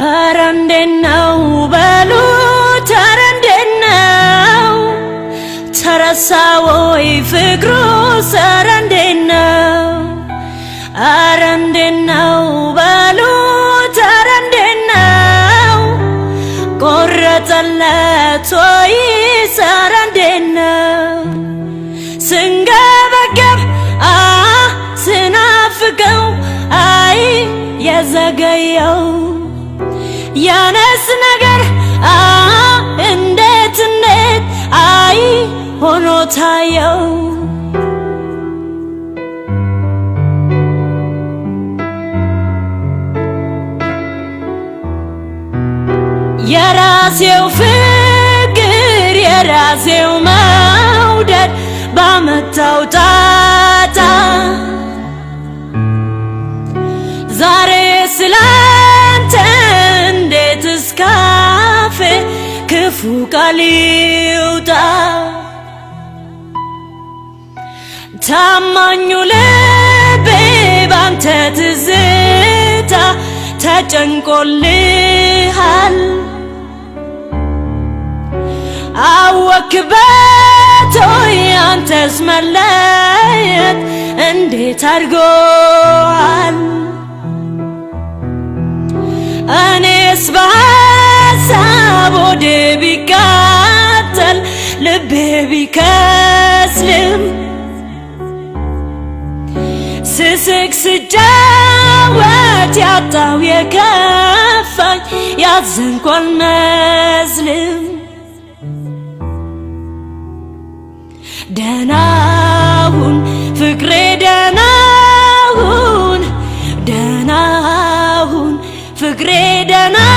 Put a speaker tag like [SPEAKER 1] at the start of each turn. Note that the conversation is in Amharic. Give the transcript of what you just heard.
[SPEAKER 1] ኧረ እንዴት ነው በሉት፣ ኧረ እንዴት ነው ተረሳ ወይ ፍቅሩስ? ኧረ እንዴት ነው ኧረ እንዴት ነው በሉት፣ ኧረ እንዴት ነው ቆረጠለት ወይስ? ኧረ እንዴት ነው ስንገበገብ ስናፍቀው አይ የዘገየው ያነስ ነገር እንዴት እንዴት አይ ሆኖ ታየው የራሴው ፍቅር የራሴው መውደድ ባመታው ጣጣ ዛሬ ስላ ክፉ ቃል ይውጣ፣ ታማኙ ልቤ ባንተ ትዝታ ተጨንቆልሃል። አወክበት ሆይ አንተስ መለየት እንዴት አድርጎሃል? አንድ ቢቃጠል ልቤ ቢከስልም ስስቅ ስጫወት ያጣው የከፋኝ ያዘንኳል አልመስልም ደናሁን ፍቅሬ ደናሁን ደናሁን ፍቅሬ ደና